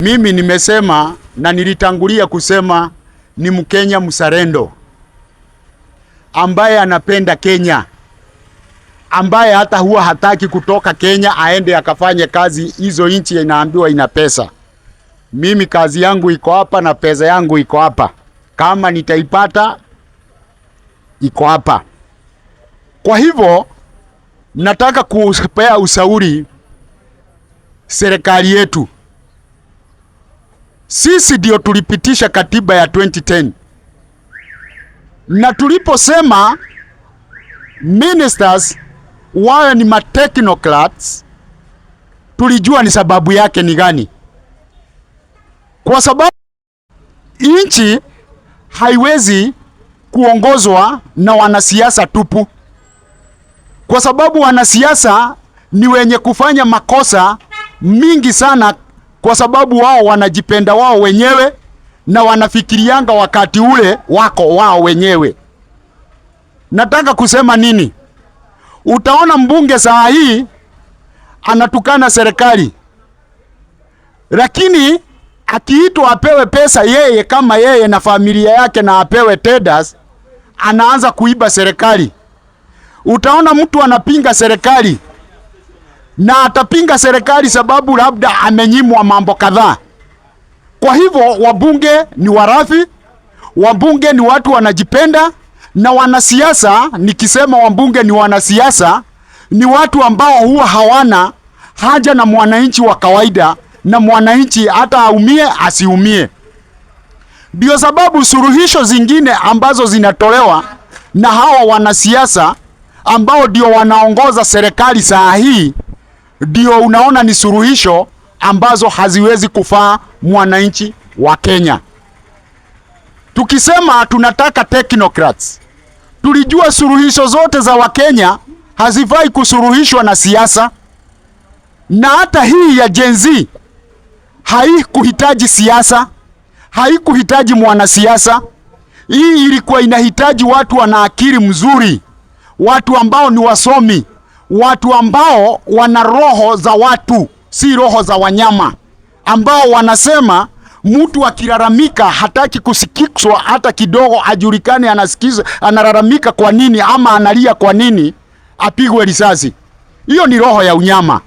Mimi nimesema na nilitangulia kusema ni Mkenya msarendo ambaye anapenda Kenya, ambaye hata huwa hataki kutoka Kenya aende akafanye kazi hizo nchi inaambiwa ina pesa. Mimi kazi yangu iko hapa na pesa yangu iko hapa, kama nitaipata iko hapa. Kwa hivyo nataka kupea ushauri serikali yetu sisi ndio tulipitisha katiba ya 2010 na tuliposema ministers wawe ni matechnocrats, tulijua ni sababu yake ni gani, kwa sababu nchi haiwezi kuongozwa na wanasiasa tupu, kwa sababu wanasiasa ni wenye kufanya makosa mingi sana kwa sababu wao wanajipenda wao wenyewe na wanafikirianga wakati ule wako wao wenyewe. Nataka kusema nini? Utaona mbunge saa hii anatukana serikali, lakini akiitwa apewe pesa yeye kama yeye na familia yake na apewe TEDAS, anaanza kuiba serikali. Utaona mtu anapinga serikali na atapinga serikali sababu labda amenyimwa mambo kadhaa. Kwa hivyo wabunge ni warafi, wabunge ni watu wanajipenda, na wanasiasa, nikisema wabunge ni wanasiasa, ni watu ambao huwa hawana haja na mwananchi wa kawaida, na mwananchi hata aumie asiumie. Ndio sababu suluhisho zingine ambazo zinatolewa na hawa wanasiasa ambao ndio wanaongoza serikali saa hii ndio unaona ni suluhisho ambazo haziwezi kufaa mwananchi wa Kenya. Tukisema tunataka technocrats, tulijua suluhisho zote za Wakenya hazifai kusuluhishwa na siasa, na hata hii ya Gen Z haikuhitaji siasa, haikuhitaji mwanasiasa. Hii ilikuwa inahitaji watu wana akili mzuri, watu ambao ni wasomi watu ambao wana roho za watu, si roho za wanyama, ambao wanasema mtu akilalamika hataki kusikizwa hata kidogo, ajulikane anasikiza analalamika kwa nini ama analia kwa nini, apigwe risasi. Hiyo ni roho ya unyama,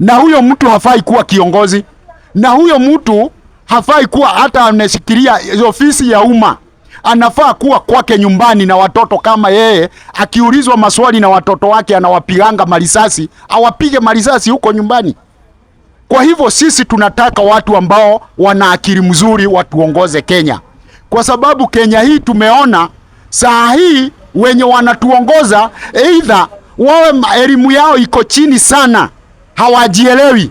na huyo mtu hafai kuwa kiongozi, na huyo mtu hafai kuwa hata ameshikilia ofisi ya umma anafaa kuwa kwake nyumbani na watoto kama yeye. Akiulizwa maswali na watoto wake anawapiganga marisasi, awapige marisasi huko nyumbani. Kwa hivyo sisi tunataka watu ambao wana akili mzuri watuongoze Kenya, kwa sababu Kenya hii tumeona saa hii wenye wanatuongoza aidha wawe elimu yao iko chini sana, hawajielewi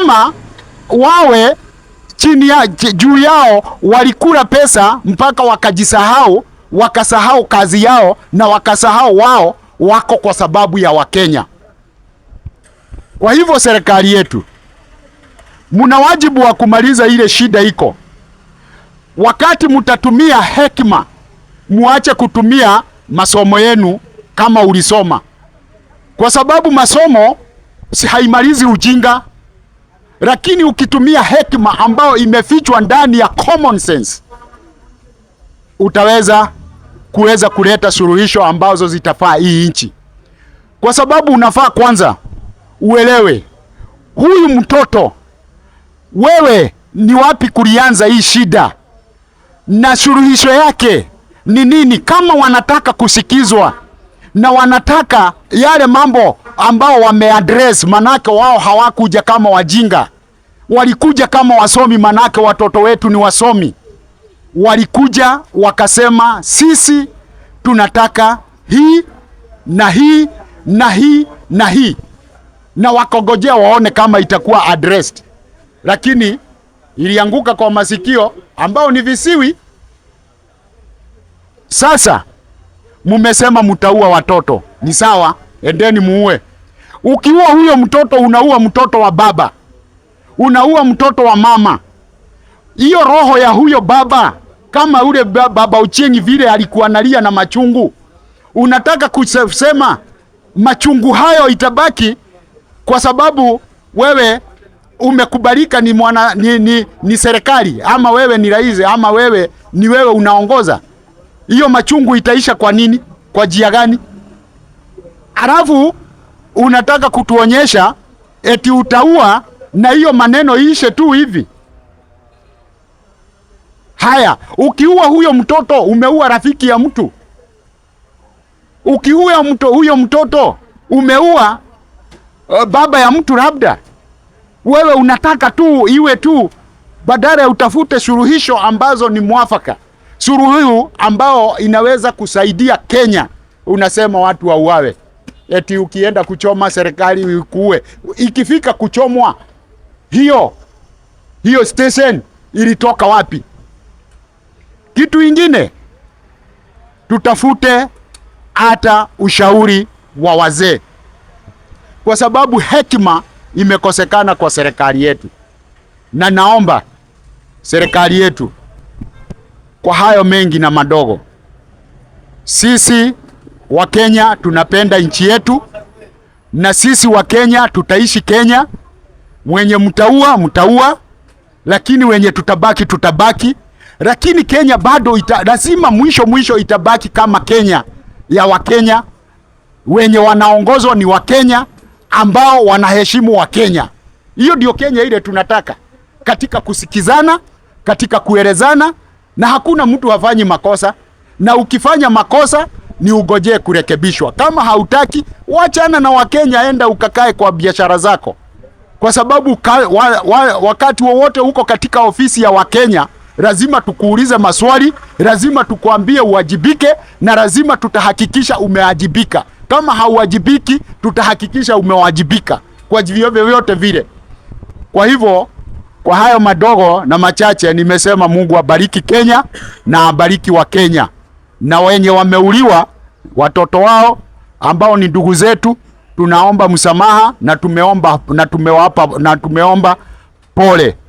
ama wawe chini ya juu yao walikula pesa mpaka wakajisahau, wakasahau kazi yao na wakasahau wao wako kwa sababu ya Wakenya. Kwa hivyo serikali yetu, muna wajibu wa kumaliza ile shida iko. Wakati mtatumia hekima, muache kutumia masomo yenu kama ulisoma, kwa sababu masomo si haimalizi ujinga lakini ukitumia hekima ambayo imefichwa ndani ya common sense utaweza kuweza kuleta suluhisho ambazo zitafaa hii nchi, kwa sababu unafaa kwanza uelewe huyu mtoto, wewe ni wapi kulianza hii shida na suluhisho yake ni nini, kama wanataka kusikizwa na wanataka yale mambo ambao wameaddress, manake wao hawakuja kama wajinga walikuja kama wasomi, manake watoto wetu ni wasomi. Walikuja wakasema sisi tunataka hii na hii na hii na hii, na wakogojea waone kama itakuwa addressed, lakini ilianguka kwa masikio ambao ni visiwi. Sasa mumesema mtaua watoto, ni sawa, endeni muue. Ukiua huyo mtoto unaua mtoto wa baba unaua mtoto wa mama. Hiyo roho ya huyo baba, kama ule baba Uchengi vile alikuwa nalia na machungu, unataka kusema machungu hayo itabaki kwa sababu wewe umekubalika ni mwana, ni, ni, ni serikali ama wewe ni rais ama wewe ni wewe unaongoza. Hiyo machungu itaisha kwa nini? Kwa jia gani? Alafu unataka kutuonyesha eti utaua na hiyo maneno iishe tu hivi? Haya, ukiua huyo mtoto umeua rafiki ya mtu, ukiua mto, huyo mtoto umeua uh, baba ya mtu. Labda wewe unataka tu iwe tu, badala ya utafute suluhisho ambazo ni mwafaka, suluhu ambao inaweza kusaidia Kenya, unasema watu wauawe, eti ukienda kuchoma serikali ikuue, ikifika kuchomwa hiyo hiyo station ilitoka wapi? Kitu ingine tutafute hata ushauri wa wazee, kwa sababu hekima imekosekana kwa serikali yetu, na naomba serikali yetu kwa hayo mengi na madogo, sisi Wakenya tunapenda nchi yetu, na sisi Wakenya tutaishi Kenya wenye mtaua mtaua, lakini wenye tutabaki tutabaki, lakini Kenya bado ita, lazima mwisho mwisho itabaki kama Kenya ya Wakenya, wenye wanaongozwa ni Wakenya ambao wanaheshimu Wakenya. Hiyo ndio Kenya ile tunataka, katika kusikizana, katika kuelezana, na hakuna mtu hafanyi makosa, na ukifanya makosa ni ugojee kurekebishwa. Kama hautaki, wachana na Wakenya, enda ukakae kwa biashara zako kwa sababu ka, wa, wa, wakati wowote huko katika ofisi ya Wakenya lazima tukuulize maswali, lazima tukuambie uwajibike, na lazima tutahakikisha umewajibika. Kama hauwajibiki, tutahakikisha umewajibika kwa vyovyote vile. Kwa hivyo, kwa hayo madogo na machache nimesema, Mungu abariki Kenya na abariki wa Kenya na wenye wameuliwa, watoto wao ambao ni ndugu zetu tunaomba msamaha na tumeomba, na tumewapa na tumeomba pole.